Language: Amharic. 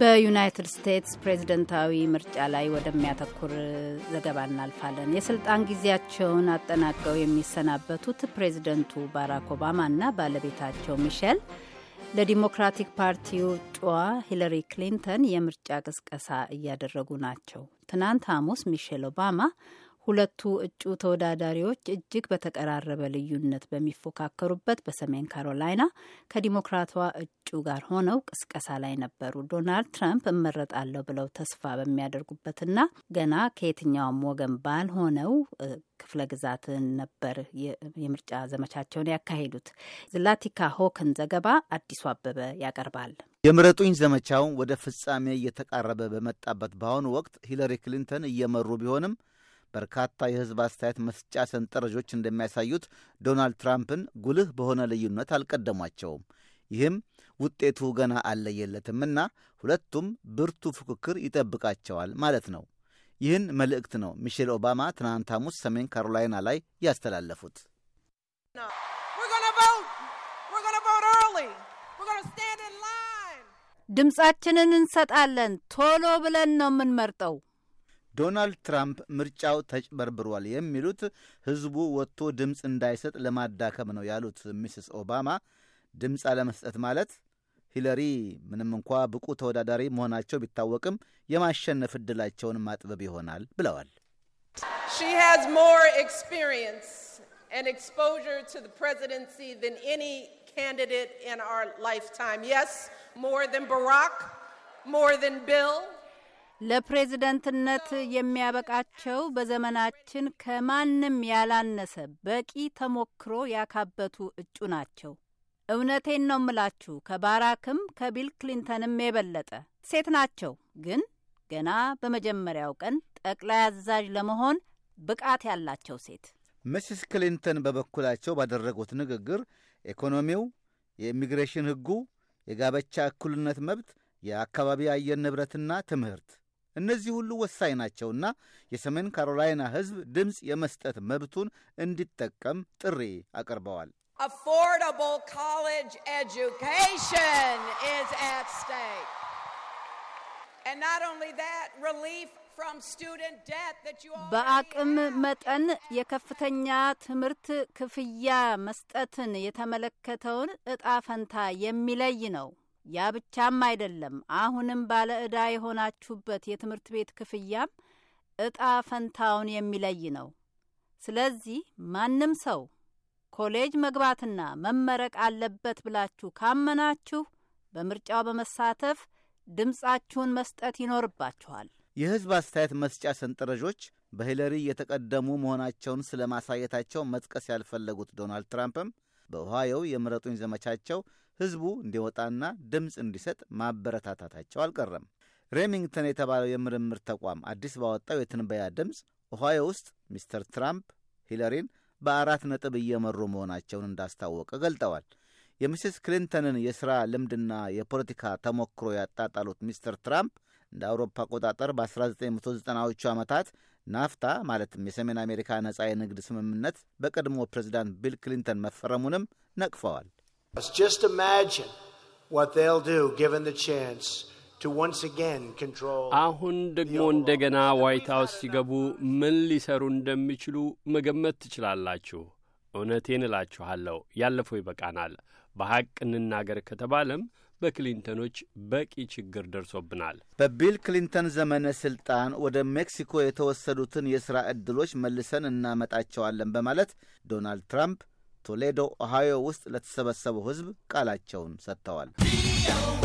በዩናይትድ ስቴትስ ፕሬዝደንታዊ ምርጫ ላይ ወደሚያተኩር ዘገባ እናልፋለን። የስልጣን ጊዜያቸውን አጠናቀው የሚሰናበቱት ፕሬዝደንቱ ባራክ ኦባማ እና ባለቤታቸው ሚሼል ለዲሞክራቲክ ፓርቲው ጩዋ ሂለሪ ክሊንተን የምርጫ ቅስቀሳ እያደረጉ ናቸው። ትናንት ሐሙስ ሚሼል ኦባማ ሁለቱ እጩ ተወዳዳሪዎች እጅግ በተቀራረበ ልዩነት በሚፎካከሩበት በሰሜን ካሮላይና ከዲሞክራቷ እጩ ጋር ሆነው ቅስቀሳ ላይ ነበሩ። ዶናልድ ትራምፕ እመረጣለሁ ብለው ተስፋ በሚያደርጉበትና ገና ከየትኛውም ወገን ባልሆነው ክፍለ ግዛት ነበር የምርጫ ዘመቻቸውን ያካሄዱት። ዝላቲካ ሆክን ዘገባ አዲሱ አበበ ያቀርባል። የምረጡኝ ዘመቻውን ወደ ፍጻሜ እየተቃረበ በመጣበት በአሁኑ ወቅት ሂለሪ ክሊንተን እየመሩ ቢሆንም በርካታ የህዝብ አስተያየት መስጫ ሰንጠረዦች እንደሚያሳዩት ዶናልድ ትራምፕን ጉልህ በሆነ ልዩነት አልቀደሟቸውም። ይህም ውጤቱ ገና አለየለትምና ሁለቱም ብርቱ ፉክክር ይጠብቃቸዋል ማለት ነው። ይህን መልእክት ነው ሚሼል ኦባማ ትናንት ሐሙስ ሰሜን ካሮላይና ላይ ያስተላለፉት። ድምፃችንን እንሰጣለን። ቶሎ ብለን ነው የምንመርጠው። ዶናልድ ትራምፕ ምርጫው ተጭበርብሯል የሚሉት ሕዝቡ ወጥቶ ድምፅ እንዳይሰጥ ለማዳከም ነው ያሉት ሚስስ ኦባማ ድምፅ አለመስጠት ማለት ሂለሪ ምንም እንኳ ብቁ ተወዳዳሪ መሆናቸው ቢታወቅም የማሸነፍ ዕድላቸውን ማጥበብ ይሆናል ብለዋል። ሞር ለፕሬዝደንትነት የሚያበቃቸው በዘመናችን ከማንም ያላነሰ በቂ ተሞክሮ ያካበቱ እጩ ናቸው። እውነቴን ነው ምላችሁ፣ ከባራክም ከቢል ክሊንተንም የበለጠ ሴት ናቸው። ግን ገና በመጀመሪያው ቀን ጠቅላይ አዛዥ ለመሆን ብቃት ያላቸው ሴት። ምስስ ክሊንተን በበኩላቸው ባደረጉት ንግግር ኢኮኖሚው፣ የኢሚግሬሽን ሕጉ፣ የጋብቻ እኩልነት መብት፣ የአካባቢ አየር ንብረትና ትምህርት እነዚህ ሁሉ ወሳኝ ናቸውና የሰሜን ካሮላይና ሕዝብ ድምፅ የመስጠት መብቱን እንዲጠቀም ጥሪ አቅርበዋል። affordable college education is at stake. And not only that, relief በአቅም መጠን የከፍተኛ ትምህርት ክፍያ መስጠትን የተመለከተውን እጣ ፈንታ የሚለይ ነው። ያ ብቻም አይደለም። አሁንም ባለ ዕዳ የሆናችሁበት የትምህርት ቤት ክፍያም እጣ ፈንታውን የሚለይ ነው። ስለዚህ ማንም ሰው ኮሌጅ መግባትና መመረቅ አለበት ብላችሁ ካመናችሁ በምርጫው በመሳተፍ ድምፃችሁን መስጠት ይኖርባችኋል። የሕዝብ አስተያየት መስጫ ሰንጠረዦች በሂለሪ የተቀደሙ መሆናቸውን ስለማሳየታቸው መጥቀስ ያልፈለጉት ዶናልድ ትራምፕም በኦሃዮው የምረጡኝ ዘመቻቸው ህዝቡ እንዲወጣና ድምፅ እንዲሰጥ ማበረታታታቸው አልቀረም። ሬሚንግተን የተባለው የምርምር ተቋም አዲስ ባወጣው የትንበያ ድምፅ ኦሃዮ ውስጥ ሚስተር ትራምፕ ሂለሪን በአራት ነጥብ እየመሩ መሆናቸውን እንዳስታወቀ ገልጠዋል። የሚስስ ክሊንተንን የሥራ ልምድና የፖለቲካ ተሞክሮ ያጣጣሉት ሚስተር ትራምፕ እንደ አውሮፓ አቆጣጠር በ1990ዎቹ ዓመታት ናፍታ ማለትም የሰሜን አሜሪካ ነጻ የንግድ ስምምነት በቀድሞ ፕሬዚዳንት ቢል ክሊንተን መፈረሙንም ነቅፈዋል። አሁን ደግሞ እንደገና ዋይት ሀውስ ሲገቡ ምን ሊሰሩ እንደሚችሉ መገመት ትችላላችሁ። እውነቴን እላችኋለሁ፣ ያለፈው ይበቃናል። በሐቅ እንናገር ከተባለም በክሊንተኖች በቂ ችግር ደርሶብናል። በቢል ክሊንተን ዘመነ ስልጣን ወደ ሜክሲኮ የተወሰዱትን የሥራ ዕድሎች መልሰን እናመጣቸዋለን በማለት ዶናልድ ትራምፕ ቶሌዶ ኦሃዮ ውስጥ ለተሰበሰበው ሕዝብ ቃላቸውን ሰጥተዋል።